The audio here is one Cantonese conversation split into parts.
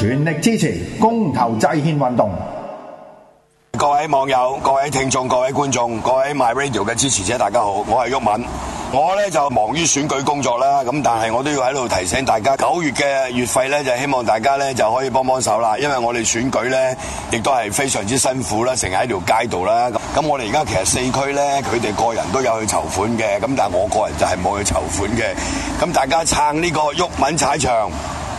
全力支持公投制憲運動！各位網友、各位聽眾、各位觀眾、各位 My Radio 嘅支持者，大家好，我係毓民，我呢就忙於選舉工作啦，咁但係我都要喺度提醒大家，九月嘅月費呢，就希望大家呢就可以幫幫手啦，因為我哋選舉呢，亦都係非常之辛苦啦，成日喺條街度啦，咁我哋而家其實四區呢，佢哋個人都有去籌款嘅，咁但係我個人就係冇去籌款嘅，咁大家撐呢個毓民踩場。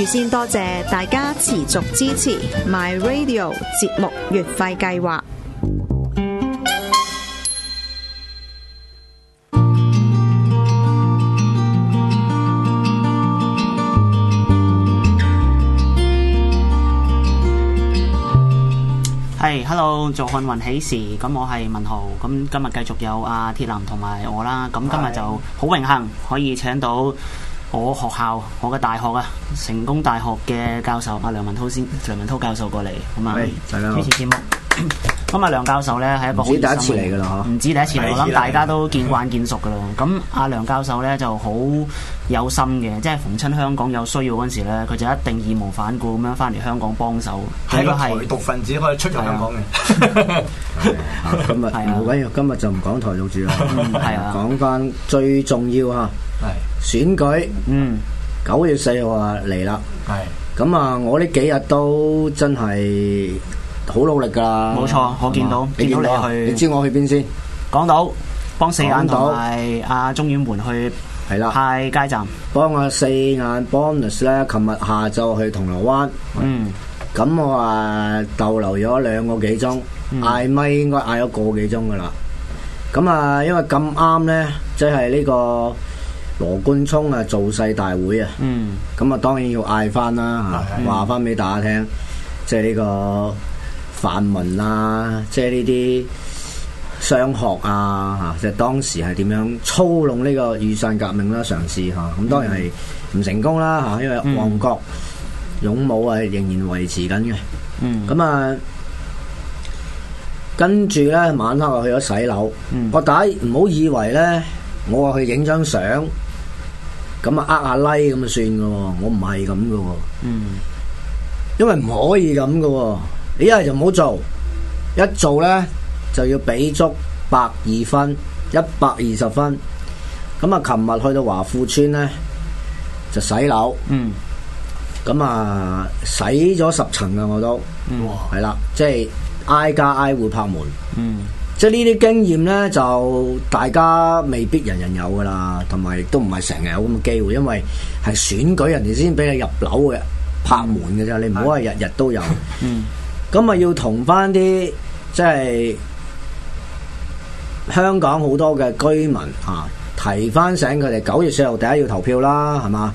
預先多謝大家持續支持 My Radio 節目月費計劃。係，Hello，坐看雲起時，咁我係文豪，咁今日繼續有阿鐵男同埋我啦，咁今日就好榮幸可以請到。我學校，我嘅大學啊，成功大學嘅教授阿梁文韜先，梁文韜教授過嚟，好嘛？Okay, 嗯、主持節目。 咁啊，梁教授咧係一個好熱心嘅，唔止第一次嚟啦，嗬！唔止第一次嚟，我諗大家都見慣見熟噶啦咁阿梁教授咧就好有心嘅，即係逢親香港有需要嗰陣時咧，佢就一定義無反顧咁樣翻嚟香港幫手。係個台獨分子可以出入香港嘅。今日冇緊要，今日就唔講台獨住啦，講翻最重要啊，係選舉，嗯，九月四號啊嚟啦，係。咁啊，我呢幾日都真係。好努力噶啦！冇錯，我見到見到你去。你知我去邊先？港島幫四眼同埋阿中遠門去係啦，派街站。幫我四眼 bonus 咧，琴日下晝去銅鑼灣。嗯，咁我啊逗留咗兩個幾鐘，嗌咪應該嗌咗個幾鐘噶啦。咁啊，因為咁啱咧，即係呢個羅冠聰啊造勢大會啊。嗯，咁啊，當然要嗌翻啦。吓，話翻俾大家聽，即係呢個。泛民啦、啊，即係呢啲商學啊，吓，即係當時係點樣操弄呢個雨傘革命啦、啊，嘗試吓咁，當然係唔成功啦吓，因為旺角、嗯、勇武啊仍然維持緊嘅。嗯，咁啊，跟住咧晚黑啊去咗洗樓、嗯，我睇唔好以為咧，我話去影張相，咁啊呃下拉咁就算嘅喎，我唔係咁嘅喎，嗯，因為唔可以咁嘅喎。一係就唔好做，一做咧就要俾足百二分，一百二十分。咁、嗯嗯、啊，琴日去到華富村咧就洗樓，咁啊洗咗十層噶我都，係、嗯、啦，即係挨家挨戶拍門。嗯、即係呢啲經驗咧，就大家未必人人有噶啦，同埋亦都唔係成日有咁嘅機會，因為係選舉人哋先俾你入樓嘅拍門嘅咋，嗯、你唔好話日日都有。 咁啊，要同翻啲即係香港好多嘅居民啊，提翻醒佢哋九月四號第一要投票啦，係嘛？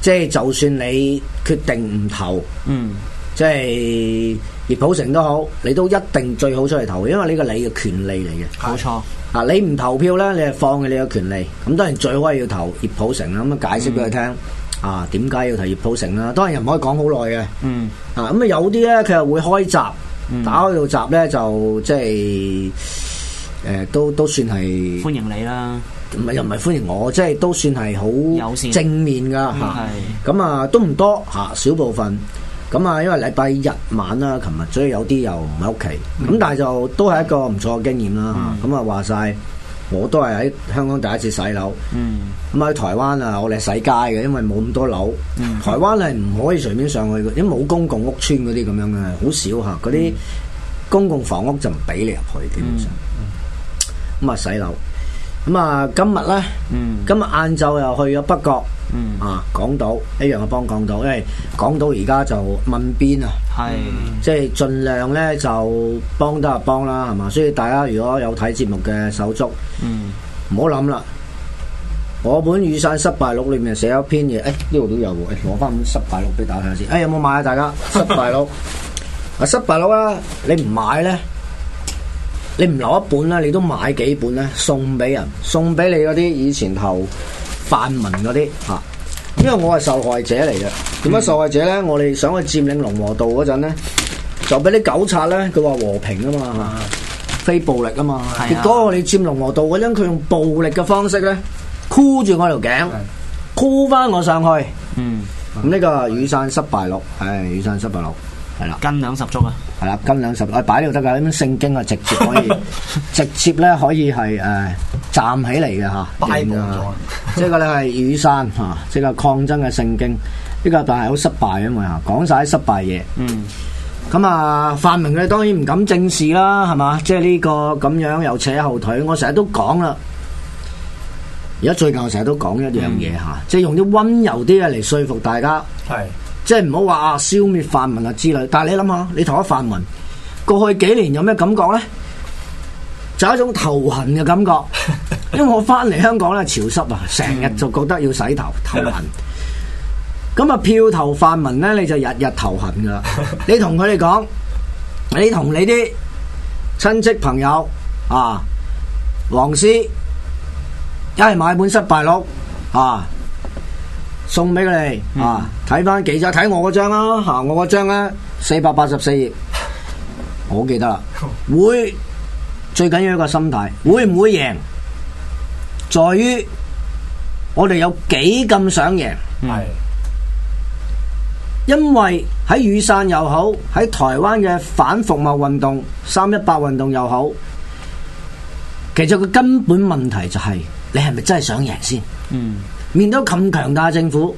即、就、係、是、就算你決定唔投，嗯，即係熱普城都好，你都一定最好出嚟投，因為呢個你嘅權利嚟嘅。冇錯。啊，你唔投票咧，你係放棄你嘅權利。咁當然最好係要投熱普城啦。咁、嗯、啊，嗯、解釋俾佢聽。啊，點解要提熱普城啦？當然又唔可以講好耐嘅。嗯。啊，咁啊有啲咧，佢又會開閘，嗯、打開到閘咧就即係，誒、呃，都都算係歡迎你啦。唔係、嗯、又唔係歡迎我，即係都算係好正面噶嚇。咁、嗯、啊，是啊都唔多嚇，少、啊、部分。咁啊，因為禮拜日晚啦，琴日所以有啲又唔喺屋企。咁、嗯、但係就都係一個唔錯嘅經驗啦。咁啊話晒。嗯我都係喺香港第一次洗樓，咁喺、嗯、台灣啊，我哋係洗街嘅，因為冇咁多樓。嗯、台灣係唔可以隨便上去嘅，因為冇公共屋邨嗰啲咁樣嘅，好少嚇。嗰啲、嗯、公共房屋就唔俾你入去，基本上。咁啊、嗯，嗯、洗樓。咁啊，嗯、今日咧，今日晏晝又去咗北角。嗯啊，講到一樣嘅幫，講到因為，講到而家就問邊啊，係即係盡量咧就幫得就幫啦，係嘛？所以大家如果有睇節目嘅手足，嗯，唔好諗啦。我本雨傘失敗錄裡面寫一篇嘢，誒呢度都有誒攞翻失敗錄俾大家睇下先。誒、欸、有冇買啊大家？失敗錄啊 失敗錄啦，你唔買咧，你唔留一本咧，你都買幾本咧？送俾人，送俾你嗰啲以前頭。泛民嗰啲嚇，因為我係受害者嚟嘅。點解受害者咧？我哋想去佔領龍和道嗰陣咧，就俾啲狗賊咧，佢話和平啊嘛，啊非暴力啊嘛。啊結果我哋佔龍和道嗰陣，佢用暴力嘅方式咧，箍住我條頸，箍返的我上去。嗯，咁呢個雨傘失敗咯，係、哎、雨傘失敗咯，係啦，斤兩十足啊！係啦，金兩十，我擺喺度得噶。咁聖經啊，直接可以， 直接咧可以係誒、呃、站起嚟嘅吓，進即係個咧係雨傘吓，即、啊、係、就是、抗爭嘅聖經。呢個但係好失敗啊嘛吓，講晒啲失敗嘢。嗯。咁啊，泛民嘅當然唔敢正視啦，係嘛？即係呢個咁樣又扯後腿。我成日都講啦，而家最近我成日都講一樣嘢吓，即係、嗯、用啲溫柔啲嘅嚟說服大家。係。即係唔好話啊，消滅泛民啊之類。但係你諗下，你同啲泛民過去幾年有咩感覺咧？就一種頭痕嘅感覺，因為我翻嚟香港咧潮濕啊，成日就覺得要洗頭頭痕。咁啊，票投泛民咧，你就日日頭痕噶啦。你同佢哋講，你同你啲親戚朋友啊，黃絲一係買本失敗咯啊！送俾佢哋啊！睇翻記者睇我嗰張啦，吓、啊、我嗰張啦，四百八十四頁，我記得啦。會 最緊要一個心態，會唔會贏，在於我哋有幾咁想贏。係，因為喺雨傘又好，喺台灣嘅反服貿運動、三一八運動又好，其實個根本問題就係、是、你係咪真係想贏先？嗯。面對咁強大政府，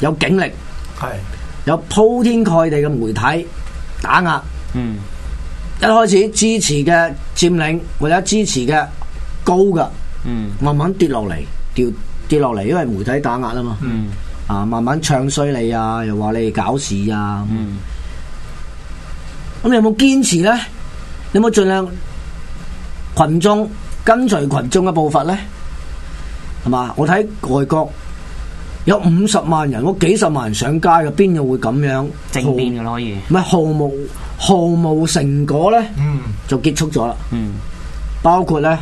有警力，係是有鋪天蓋地嘅媒體打壓，嗯，一開始支持嘅佔領或者支持嘅高嘅，嗯，慢慢跌落嚟，掉跌落嚟，因為媒體打壓啊嘛，嗯，啊慢慢唱衰你啊，又話你搞事啊，嗯，咁你有冇堅持咧？你有冇盡量群眾跟隨群眾嘅步伐咧？係嘛？我睇外國有五十萬人，我幾十萬人上街入邊又會咁樣？正面嘅可以，唔係毫無毫無成果咧？嗯，就結束咗啦。嗯，包括咧，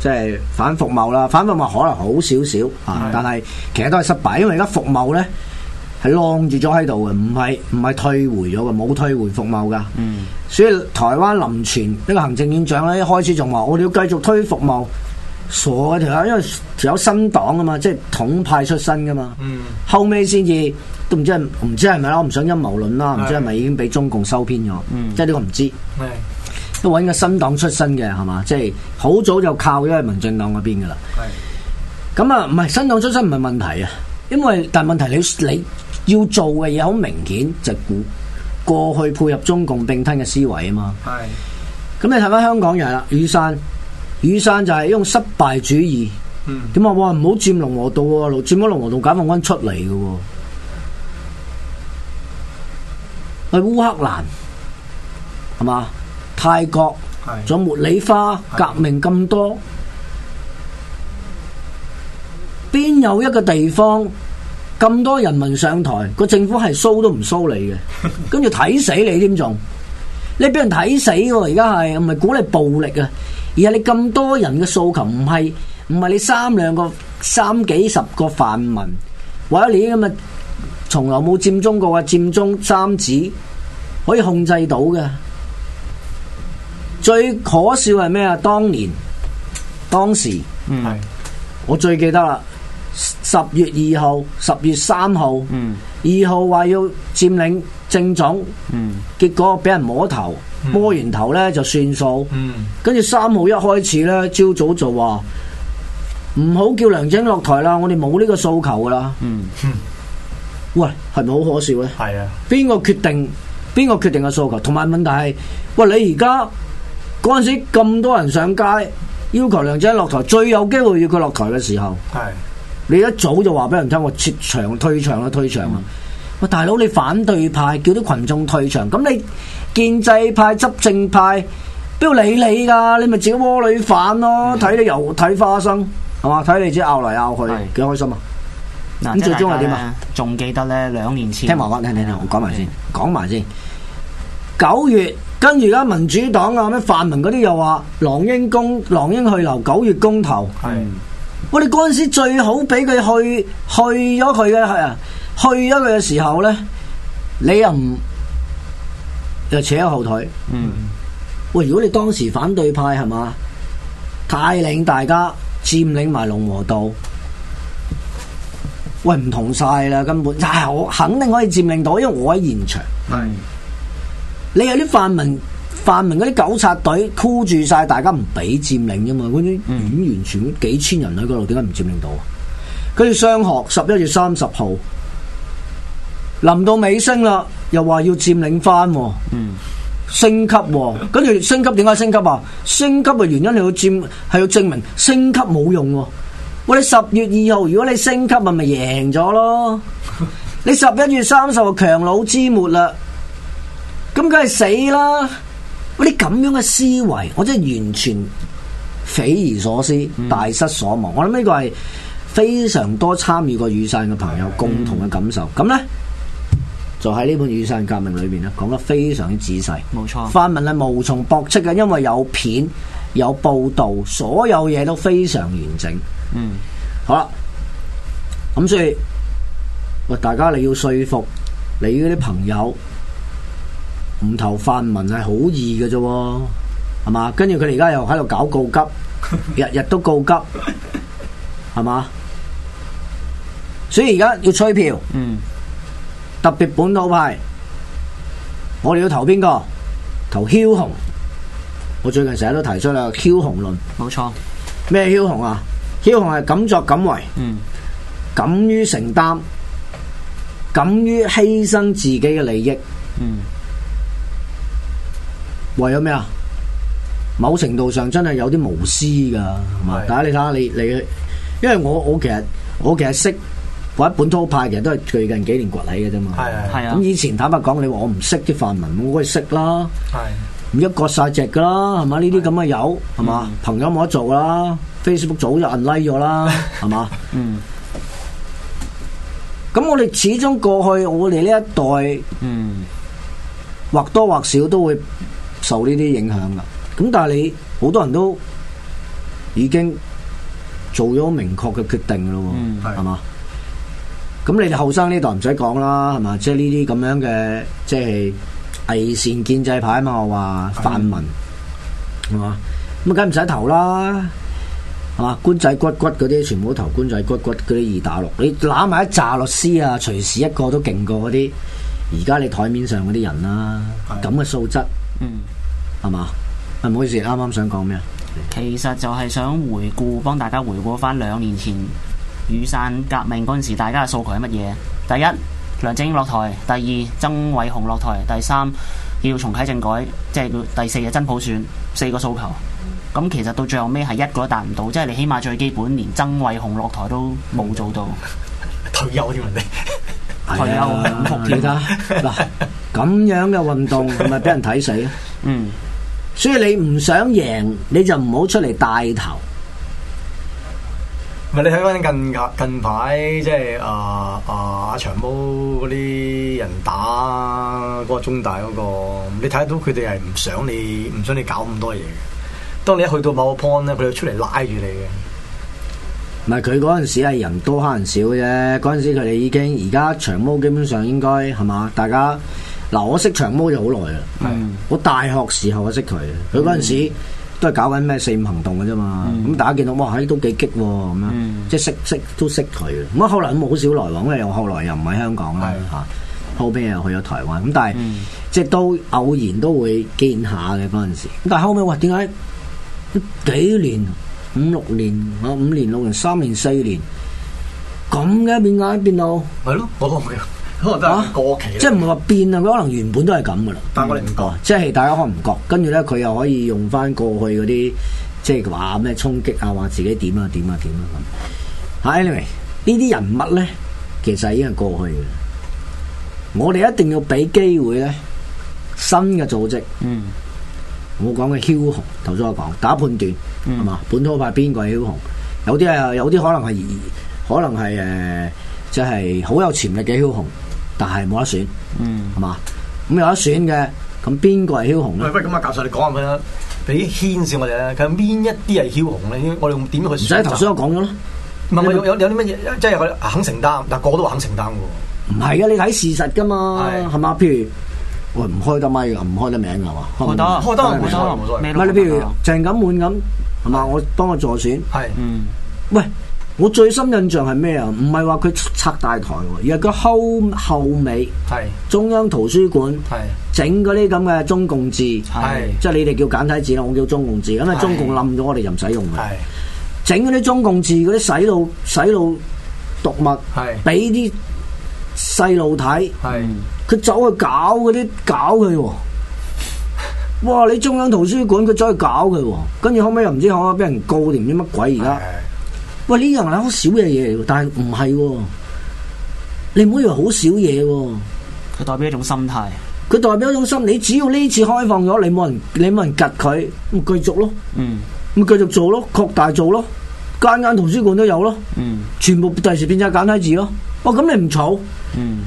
即係反服貿啦，反服貿可能好少少啊，是但係其實都係失敗，因為而家服貿咧係晾住咗喺度嘅，唔係唔係退回咗嘅，冇退回服貿噶。嗯，所以台灣林全呢個行政院長咧，一開始仲話我哋要繼續推服貿。傻啊條友，因為條友新黨啊嘛，即係統派出身噶嘛，嗯、後尾先至都唔知係唔知係咪啦，我唔想陰謀論啦，唔知係咪已經俾中共收編咗，即係呢個唔知，都揾個新黨出身嘅係嘛，即係好早就靠咗為民進黨嗰邊噶啦，咁是啊唔係新黨出身唔係問題啊，因為但係問題你要你要做嘅嘢好明顯就估、是、過去配合中共並吞嘅思維啊嘛，咁是是你睇翻香港人啦，雨傘。雨雨傘就係一種失敗主義，點、嗯、啊？我話唔好佔龍河道喎，路佔咗龍河道，解放軍出嚟嘅喎，去烏克蘭係嘛？泰國仲茉莉花革命咁多，邊有一個地方咁多人民上台，個政府係騷都唔騷你嘅，跟住睇死你添仲，你俾人睇死喎！而家係唔係鼓你暴力啊？而係你咁多人嘅訴求唔係唔係你三兩個三幾十個泛民，或者你咁啊，從來冇佔中過嘅佔中三子可以控制到嘅。最可笑係咩啊？當年當時，嗯係，我最記得啦，十月二號、十月三號，嗯，二號話要佔領政總，嗯，結果俾人摸頭。摸完頭咧就算數，跟住三號一開始咧，朝早就話唔好叫梁振英落台啦，我哋冇呢個訴求噶啦，嗯。嗯，喂，係咪好可笑咧？係啊的，邊個決定？邊個決定嘅訴求？同埋問題係，喂，你而家嗰陣時咁多人上街要求梁振英落台，最有機會要佢落台嘅時候，係的你一早就話俾人聽，我撤場、退場啦，退場啦！喂，大佬，嗯嗯，你反對派叫啲群眾退場，咁你？建制派、執政派，邊度理 stage, 你噶？你咪自己窩裏反咯！睇、嗯、你又睇花生，係嘛？睇你只拗來拗去，幾、pues、開心啊！咁、呃嗯、最終係點啊？仲記得咧，兩年前聽話聽聽聽，我講埋先，講埋先。九月跟住而家民主黨啊、咩泛民嗰啲又話狼英公，狼英去留。九月公投，我哋嗰陣時最好俾佢去，去咗佢嘅係啊，去咗佢嘅時候咧，你又唔？就扯喺後腿，嗯、喂！如果你當時反對派係嘛？帶領大家佔領埋龍和道，喂唔同晒啦，根本就係我肯定可以佔領到，因為我喺現場。係是，你有啲泛民、泛民嗰啲狗賊隊箍住晒，大家唔俾佔領啫嘛？嗰啲演員團幾千人喺嗰度，點解唔佔領到啊？佢哋商學十一月三十號，臨到尾聲啦。又話要佔領翻，嗯，升級，啊，跟住升級，點解升級啊？升級嘅原因你要佔，係要證明升級冇用，啊。喂，你十月二號，如果你升級咪咪贏咗咯。你十一月三十號強弩之末啦，咁梗係死啦。喂，啲咁樣嘅思維，我真係完全匪夷所思，大失所望。嗯、我諗呢個係非常多參與過雨傘嘅朋友共同嘅感受。咁、嗯、呢？嗯就喺呢本《雨傘革命》裏面咧，講得非常之仔細。冇錯、啊，泛民咧無從駁斥嘅，因為有片有報道，所有嘢都非常完整。嗯，好啦，咁所以喂，大家你要說服你嗰啲朋友唔投泛民係好易嘅啫，係嘛？跟住佢哋而家又喺度搞告急，日日 都告急，係嘛？所以而家要吹票。嗯。特別本土派，我哋要投邊個？投梟雄。我最近成日都提出啦，梟雄論。冇錯。咩梟雄啊？梟雄係敢作敢為，嗯，敢於承擔，敢於犧牲自己嘅利益，嗯，為咗咩啊？某程度上真係有啲無私噶，係嘛？大家你睇下你你，你，因為我我，其實我其實識。或者本土派，其實都係最近幾年崛起嘅啫嘛。係係啊。咁以前坦白講，你話我唔識啲泛民，我可以識啦。係的。唔一割晒只噶啦，係嘛？呢啲咁嘅友，係嘛？嗯、朋友冇得做啦。Facebook 早就 unlike 咗啦，係嘛 吧？嗯。咁我哋始終過去，我哋呢一代，嗯，或多或少都會受呢啲影響噶。咁但係你好多人都已經做咗明確嘅決定咯。嗯。係嘛、嗯？嗯嗯咁你哋後生呢度唔使講啦，係嘛？即係呢啲咁樣嘅，即係偽善建制派嘛？我話泛民，係嘛的？咁梗唔使投啦，係嘛？官仔骨骨嗰啲，全部都投官仔骨骨嗰啲二打六，你攬埋一紮律師啊，隨時一個都勁過嗰啲，而家你台面上嗰啲人啦，咁嘅素質，嗯，係嘛？啊，唔好意思，啱啱想講咩啊？其實就係想回顧，幫大家回顧翻兩年前。雨傘革命嗰陣時，大家嘅訴求係乜嘢？第一，梁振英落台；第二，曾偉雄落台；第三，要重啟政改，即係第四，係真普選。四個訴求。咁其實到最後尾係一個都達唔到，即係你起碼最基本，連曾偉雄落台都冇做到退休添，係啊？退休添嗱，咁樣嘅運動係咪俾人睇死啊？嗯，所以你唔想贏，你就唔好出嚟帶頭。唔係，你睇翻近近排，即係啊啊阿長毛嗰啲人打嗰個中大嗰個，你睇到佢哋係唔想你，唔想你搞咁多嘢。當你一去到某個 point 咧，佢就出嚟拉住你嘅。唔係佢嗰陣時係人多慳人少嘅啫。嗰陣時佢哋已經而家長毛基本上應該係嘛？大家嗱，我識長毛就好耐啦。的我大學時候我識佢，佢嗰陣時。嗯都係搞緊咩四五行動嘅啫嘛，咁、嗯、大家見到哇，係都幾激喎咁樣，嗯、即係識識都識佢。咁是的 啊，後來咁好少來往，因為又後來又唔喺香港啦嚇，後尾又去咗台灣。咁但係，嗯、即係都偶然都會見下嘅嗰陣時。但係後尾話點解幾年五六年啊五年六年三年四年咁嘅變壓變到。係咯，我、哦可能都啊！過期，即係唔會話變啊！佢可能原本都係咁噶啦，但係我哋唔覺，嗯、即係大家可能唔覺。跟住咧，佢又可以用翻過去嗰啲即係話咩衝擊啊，話自己點啊點啊點啊咁。anyway，呢啲人物咧，其實已經係過去嘅。我哋一定要俾機會咧，新嘅組織。嗯我。我講嘅梟雄頭先我講打判斷，係嘛、嗯？本土派邊個係梟雄？有啲啊，有啲可能係可能係誒，即係好有潛力嘅梟雄。但係冇得選，係嘛？咁有得選嘅，咁邊個係梟雄喂，咁啊，教授你講下咪得，俾牽涉我哋咧。佢邊一啲係梟雄咧？我哋用點去？唔使頭先我講咗啦，唔係我有有啲乜嘢，即係佢肯承擔，但個個都話肯承擔嘅。唔係啊，你睇事實噶嘛，係嘛？譬如我唔開得咪唔開得名噶，係嘛？開得，開得冇錯，冇錯。唔係你譬如鄭錦滿咁，係嘛？我幫我助選，係嗯喂。我最深印象係咩啊？唔係話佢拆大台，而係佢後後尾中央圖書館整嗰啲咁嘅中共字，是是即係你哋叫簡體字啦，我叫中共字，咁啊中共冧咗我哋就唔使用啊！整嗰啲中共字嗰啲洗腦洗腦毒物，俾啲細路睇，佢走是是 去搞嗰啲搞佢喎、哦。哇！你中央圖書館佢走去搞佢喎、哦，跟住後尾又唔知可唔可俾人告定唔知乜鬼而家。喂，呢樣係好少嘅嘢，嚟，但係唔係，你唔好以為好少嘢。佢代表一種心態，佢代表一種心。你只要呢次開放咗，你冇人，你冇人夾佢，咁繼續咯，嗯，咁繼續做咯，擴大做咯，間間圖書館都有咯，嗯，全部第時變晒簡體字咯。哇、哦，咁你唔嘈，嗯，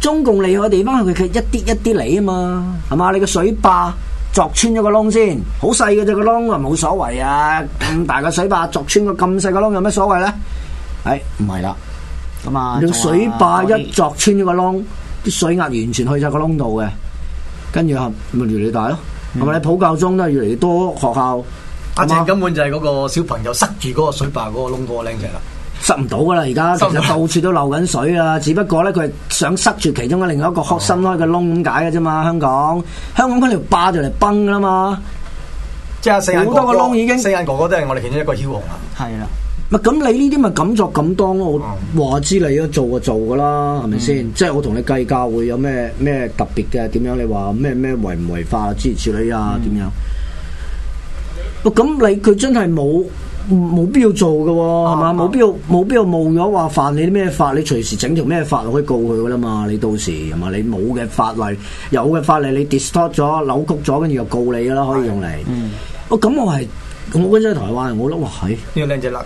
中共厲害嘅地方係佢一啲一啲嚟啊嘛，係嘛、嗯，你個水壩。鑿穿咗個窿先，好細嘅啫個窿啊，冇所謂啊！咁大個水壩鑿穿個咁細個窿有咩所謂咧？誒，唔係啦，咁啊，用水個水壩一鑿穿咗個窿，啲水壓完全去晒個窿度嘅，跟住咪越嚟越大咯，係咪、嗯？你普教中都係越嚟越多學校，反正、嗯啊、根本就係嗰個小朋友塞住嗰個水壩嗰個窿嗰個靚仔啦。嗯塞唔到噶啦，而家其實到處都漏緊水啊！只不過咧，佢係想塞住其中嘅另外一個開心開嘅窿咁解嘅啫嘛。香港，香港嗰條壩就嚟崩㗎啦嘛。即係好多個窿已經，四眼哥哥都係我哋其中一個梟雄啊。係啦的，咁你呢啲咪敢作敢當咯？我話知你而家做就做噶啦，係咪先？嗯、即係我同你計較會有咩咩特別嘅？點樣你話咩咩違唔違法支持啊？之前處理啊？點樣？咁、嗯嗯、你佢真係冇。冇必要做嘅喎，係嘛？冇必要冇必要冒咗話犯你啲咩法？你隨時整條咩法可以告佢噶啦嘛？你到時係嘛？你冇嘅法例，有嘅法例你 distort 咗、扭曲咗，跟住又告你噶啦，可以用嚟。哦，咁我係我嗰陣台灣，我碌哇嘿，呢個靚仔啦，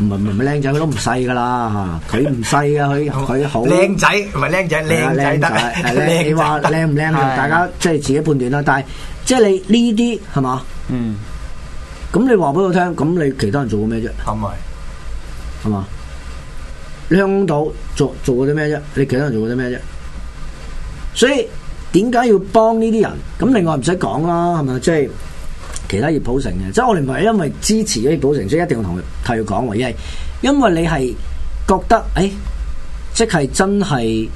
唔係唔係唔係靚仔，佢都唔細噶啦，佢唔細啊，佢佢好。靚仔唔係靚仔，靚仔得。你話靚唔靚啊？大家即係自己判斷啦。但係即係你呢啲係嘛？嗯。咁你話俾我聽，咁你其他人做過咩啫？係咪？係嘛？香港做做過啲咩啫？你其他人做過啲咩啫？所以點解要幫呢啲人？咁另外唔使講啦，係咪？即係其他熱普城嘅，即係我哋唔係因為支持熱普城，所以一定要同佢替佢講喎。一係因為你係覺得，誒、哎，即、就、係、是、真係。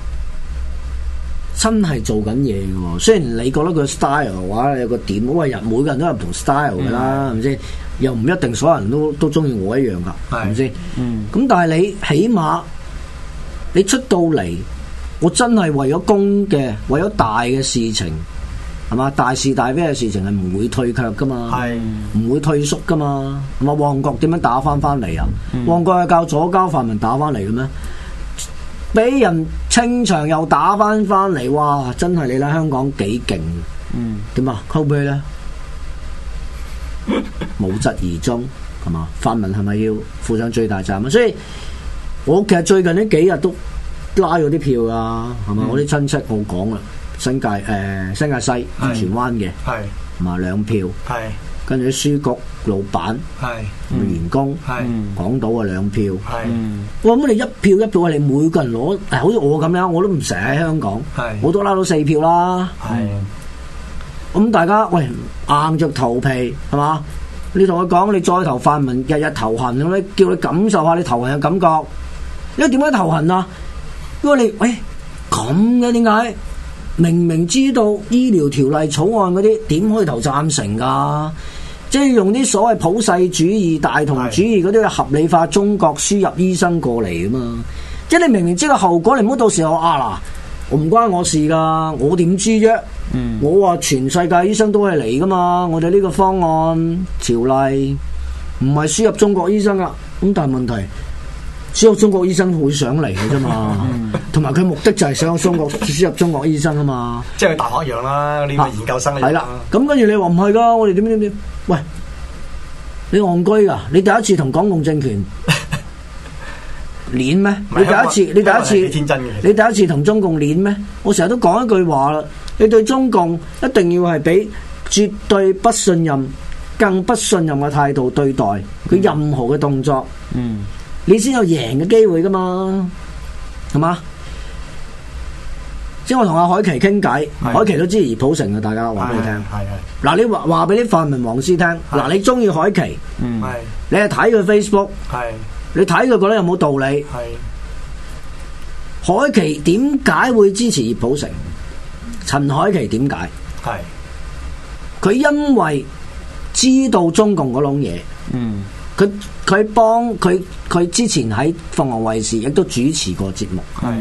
真係做緊嘢嘅，雖然你覺得佢 style 嘅話有個點，因為，人每個人都有同 style 啦，係咪先？又唔一定所有人都都中意我一樣噶，係咪先？知嗯，咁但係你起碼你出到嚟，我真係為咗公嘅，為咗大嘅事情，係嘛，大是大非嘅事情係唔會退卻噶嘛，係唔是會退縮噶嘛。咁啊，旺角點樣打翻翻嚟啊？嗯、旺角係靠左膠泛民打翻嚟嘅咩？俾人清場又打翻翻嚟，哇！真係你喺香港幾勁，嗯？點啊？後背咧，冇疾 而終係嘛？泛民係咪要負上最大責任？所以，我其實最近呢幾日都拉咗啲票噶，係嘛？嗯、我啲親戚好講啦，新界誒、呃，新界西荃灣嘅，係同埋兩票，係跟住啲書局。老闆係、嗯、員工係講、嗯、到啊兩票係，我咁、嗯嗯、你一票一票啊，你每個人攞，好似我咁樣，我都唔成日喺香港，是我都拉到四票啦。係咁是、嗯、大家喂硬着頭皮係嘛？你同佢講，你再投泛民，日日頭痕，咁咧，叫你感受下你頭痕嘅感覺。因為點解投痕啊？因為你喂咁嘅點解？明，明明知道醫療條例草案嗰啲點可以投贊成噶？即係用啲所謂普世主義、大同主義嗰啲，合理化中國輸入醫生過嚟啊嘛！即係你明明知道後果，你唔好到時候啊嗱，我唔關我事噶，我點知啫？嗯，我話全世界醫生都係嚟噶嘛，我哋呢個方案條例唔係輸入中國醫生噶，咁但係問題。只有中國醫生會想嚟嘅啫嘛，同埋佢目的就係想中國輸入中國醫生啊嘛，即係去大學一樣啦，你啲研究生嚟係啦。咁跟住你話唔係噶，我哋點點點？喂，你戇居噶？你第一次同港共政權鏈咩？ 你第一次，是你第一次，你第一次同中共鏈咩？我成日都講一句話啦，你對中共一定要係俾絕對不信任、更不信任嘅態度對待佢任何嘅動作。嗯。 你先有贏嘅機會㗎嘛，係嘛？先我同阿海琪傾偈，海琪是的 都支持熱普城嘅，大家話俾你聽。係係。嗱，你話話俾啲泛民黃絲聽，嗱是的，你中意海琪，是的 你係睇佢 Facebook，< 是的 S 1> 你睇佢覺得有冇道理？海琪點解會支持熱普城？陳海琪點解？係。佢因為知道中共嗰種嘢。嗯。是的 佢佢幫佢佢之前喺鳳凰衛視亦都主持過節目，係的，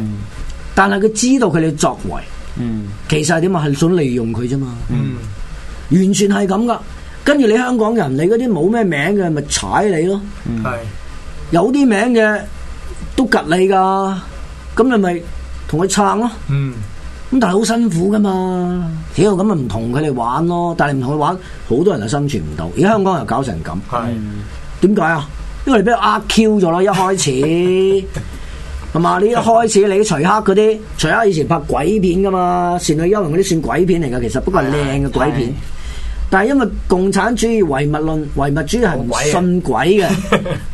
但係佢知道佢哋作為，嗯，其實係點啊，係想利用佢啫嘛，嗯，完全係咁噶。跟住你香港人，你嗰啲冇咩名嘅咪踩你咯，係的，有啲名嘅都夾你噶，咁你咪同佢撐咯，嗯，咁但係好辛苦噶嘛，屌咁咪唔同佢哋玩咯，但係唔同佢玩，好多人就生存唔到，而家香港又搞成咁，係的。的點解啊？因為俾我壓 Q 咗咯，一開始係嘛？ 你一開始你徐克嗰啲徐克以前拍鬼片噶嘛？倩女幽魂嗰啲算鬼片嚟噶，其實不過係靚嘅鬼片。唉但係因為共產主義唯物論，唯物主義係唔信鬼嘅，鬼啊、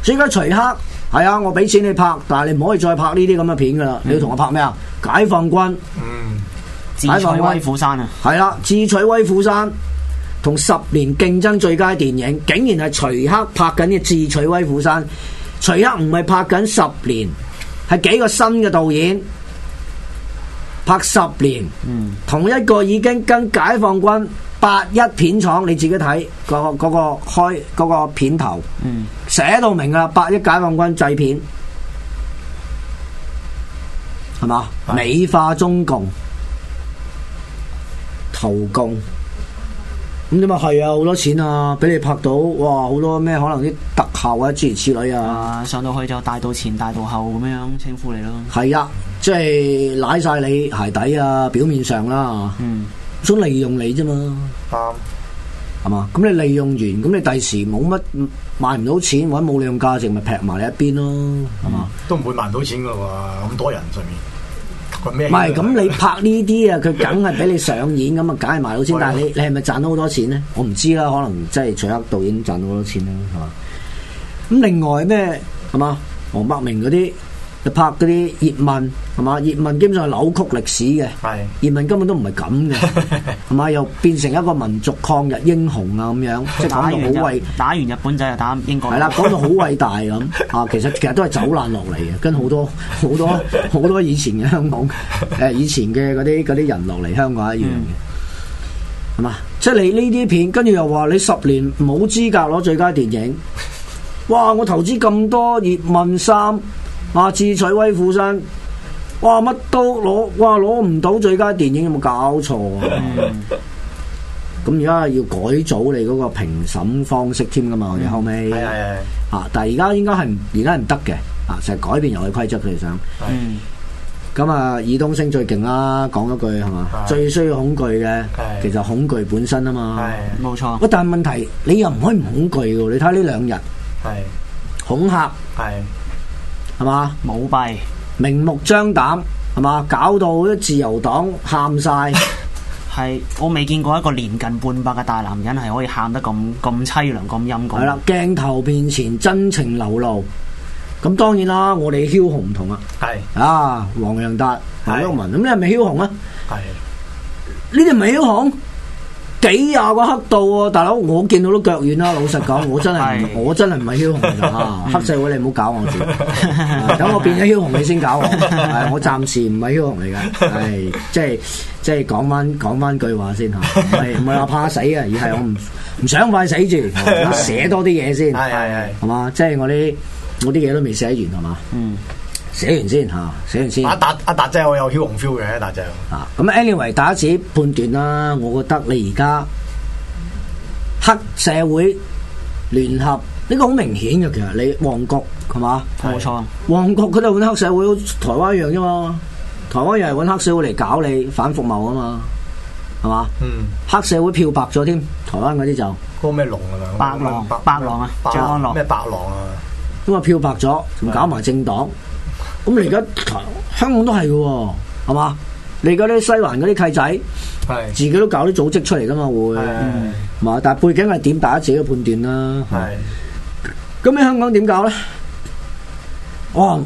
所以而家徐克係 啊，我俾錢你拍，但係你唔可以再拍呢啲咁嘅片噶啦。你要同我拍咩啊？解放軍，嗯，智取威虎山啊，係啦，智取威虎山。 同十年競爭最佳電影，竟然係徐克拍緊嘅《智取威虎山》。徐克唔係拍緊十年，係幾個新嘅導演拍十年。嗯，同一個已經跟解放軍八一片廠，你自己睇、嗰個、嗰個開、嗰個、片頭，嗯，寫到明啊，八一解放軍製片，係嘛？美化中共，投共。咁啫嘛，係啊，好多錢啊，俾你拍到，哇，好多咩，可能啲特效啊、諸如此類啊，上到去就大到前、大到後咁樣樣稱呼你咯。係啊，即係舐晒你鞋底啊，表面上啦。嗯。想利用你啫嘛。啱、嗯。係嘛，咁你利用完，咁你第時冇乜賣唔到錢，或者冇利用價值咪劈埋你一邊咯。係嘛、嗯，嗯、都唔會賣唔到錢噶喎，咁多人上面。唔係，咁你拍呢啲啊，佢梗係俾你上演，咁啊梗係賣到先。但係你你係咪賺到好多錢咧？我唔知啦，可能即係徐克導演賺到好多錢啦，係嘛。咁另外咩係嘛？黃百 鳴嗰啲。就拍嗰啲葉問係嘛？葉問基本上扭曲歷史嘅，葉係問根本都唔係咁嘅係嘛？又變成一個民族抗日英雄啊咁樣。 即係講到好偉，打完日本仔就打英國係啦，講到好偉大咁 啊！其實其實都係走難落嚟嘅，跟好多好多好多以前嘅香港誒以前嘅嗰啲嗰啲人落嚟香港一樣嘅係嘛？即係你呢啲片，跟住又話你十年冇資格攞最佳電影，哇！我投資咁多《葉問三》。智取威虎山，哇！乜都攞，哇！攞唔到最佳電影有冇搞錯啊？咁而家要改組你嗰個評審方式添噶嘛？我哋後尾，啊！但係而家應該係而家唔得嘅，啊！成日改變遊戲規則佢哋想，咁啊！爾冬升最勁啦，講一句係嘛，最需要恐懼嘅，其實恐懼本身啊嘛，冇錯。喂，但係問題你又唔可以唔恐懼嘅，你睇下呢兩日，恐嚇。係嘛，舞弊，明目張膽，係嘛，搞到啲自由黨喊晒。係，我未見過一個年近半百嘅大男人係可以喊得咁咁淒涼、咁陰功。係啦，鏡頭面前真情流露。咁當然啦，我哋梟雄唔同啊。係啊，黃洋達、黃毓民咁你係咪梟雄啊？係呢啲唔係梟雄。幾廿個黑道啊大佬，我見到都腳軟啦。老實講，我真係是我真係唔係梟雄啊！嗯、黑社會你唔好搞我住，等 我變咗梟雄你先搞我。 我暫時唔係梟雄嚟嘅，係 即係即係講翻講翻句話先吓，唔係唔係話怕死啊。而係我唔唔想快死住，我想寫多啲嘢先，係係係，係嘛？即係我啲我啲嘢都未寫完，係嘛？嗯。寫完先吓，寫完先。阿達阿達仔，我有梟雄 feel 嘅阿達仔。啊，咁 Anyway，大家自己判斷啦。我覺得你而家黑社會聯合呢個好明顯嘅，其實你旺角係嘛？冇錯，旺角佢哋揾黑社會，台灣一樣啫嘛。台灣又係揾黑社會嚟搞你反服貿啊嘛，係嘛？嗯。黑社會漂白咗添，台灣嗰啲就嗰個咩狼啊？白狼，白狼啊？張安樂咩白狼啊？因為漂白咗，仲搞埋政黨。咁你而家香港都係嘅，係嘛？你嗰啲西環嗰啲契仔，係是自己都搞啲組織出嚟噶嘛？會係嘛是？但係背景係點，大家自己判斷啦。係咁是，你香港點搞咧？哇！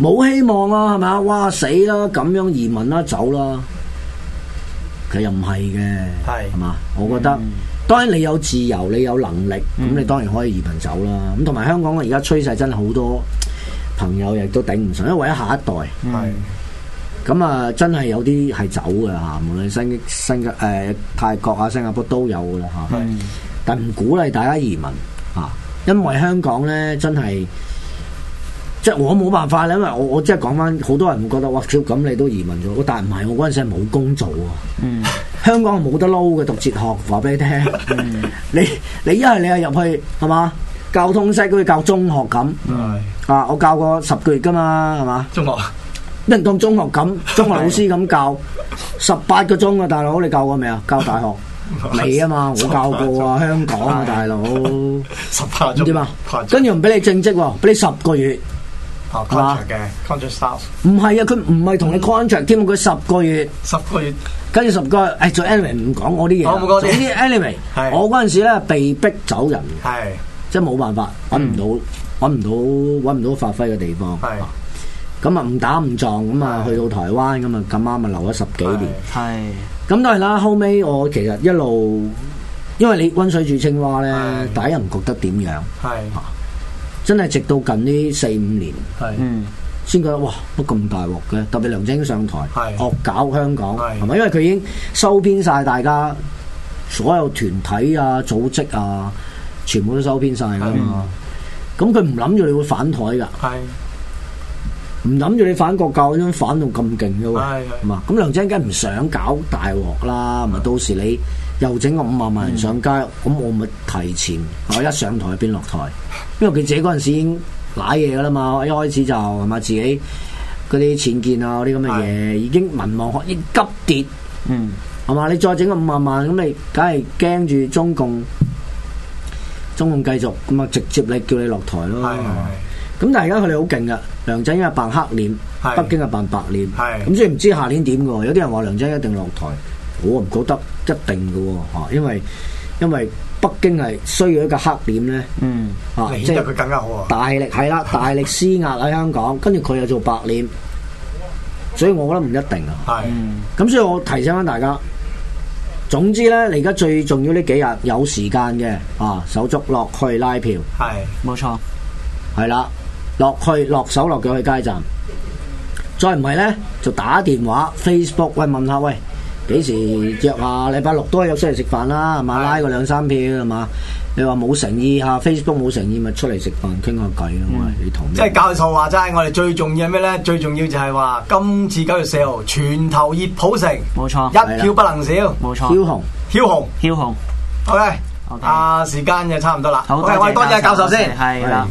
冇希望啊，係嘛？哇！死啦！咁樣移民啦、啊，走啦！佢又唔係嘅，係嘛是？我覺得、嗯、當然你有自由，你有能力，咁你當然可以移民走啦。咁同埋香港嘅而家趨勢真係好多朋友亦都頂唔順，因為為咗下一代，係咁啊，真係有啲係走嘅嚇，無論新加、新加坡、誒泰國啊、新加坡都有嘅啦嚇，但唔鼓勵大家移民嚇，因為香港咧真係即係我冇辦法咧，因為我我即係講翻，好多人會覺得哇，照咁你都移民咗，但唔係，我嗰陣時係冇工做啊，香港冇得撈嘅讀哲學，話俾你聽， 你你一係你係入去係嘛？教通識，佢教中學咁啊！我教過十個月㗎嘛，係嘛？中學，一樣當中學咁，中學老師咁教十八個鐘啊！大佬，你教過未啊？教大學未啊？嘛，我教過啊，香港啊，大佬十八鐘啫嘛，跟住唔俾你正職，俾你十個月。嘅 contract 唔係啊，佢唔係同你 contract 添，佢十個月，十個月跟住十個月。誒，做 anyway 唔講我啲嘢，做啲 anyway。我嗰陣時咧被逼走人嘅。即冇辦法，搵唔到，搵唔到，搵唔到發揮嘅地方。咁啊，誤打誤撞，咁啊，去到台灣，咁啊，咁啱啊，留咗十幾年。咁都係啦。後尾我其實一路，因為你溫水煮青蛙咧，第一唔覺得點樣。真係直到近呢四五年，嗯，先覺得哇，乜咁大鑊嘅？特別梁振英上台，惡搞香港，係咪？因為佢已經收編晒大家所有團體啊、組織啊。全部都收編晒㗎嘛，咁佢唔諗住你會反台噶，唔諗住你反國教嗰種反到咁勁嘅喎，嘛的，咁、啊嗯、梁振英梗唔想搞大鑊啦，咪、啊、到時你又整個五萬萬人上街，咁、嗯、我咪提前我一上台變落台，因為佢自己嗰陣時已經瀨嘢啦嘛，一開始就係嘛自己嗰啲僭建啊嗰啲咁嘅嘢，已經民望已急跌，係嘛、嗯？你再整個五萬萬，咁你梗係驚住中共。中共繼續咁啊，直接你叫你落台咯。咁是但係而家佢哋好勁㗎，梁振英係扮黑臉，是是北京係扮白臉。咁是是 所以唔知下年點嘅喎。有啲人話梁振英一定落台，我唔覺得一定嘅喎，因為因為北京係需要一個黑臉咧，嚇即係佢更加好、啊、大力係啦，大力施壓喺香港，跟住佢又做白臉，所以我覺得唔一定啊。咁是是 所以我提醒返大家。總之咧，你而家最重要呢幾日有時間嘅啊，手足落去拉票，係冇錯，係啦錯，落去落手落腳去街站，再唔係咧就打電話 Facebook 喂，問下喂，幾時約下禮拜六都係約出嚟食飯啦，嘛的拉個兩三票係嘛。你話冇誠意嚇，Facebook 冇誠意咪出嚟食飯傾下偈啊嘛！你同即係教授話齋，我哋最重要係咩咧？最重要就係話今次九月四號全投熱普城，冇錯，一票不能少，冇錯，飄紅，飄紅，飄紅。OK，好睇啊！時間就差唔多啦，好睇我哋多謝教授先，係啦。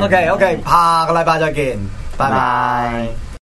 OK，OK，下個禮拜再見，拜拜。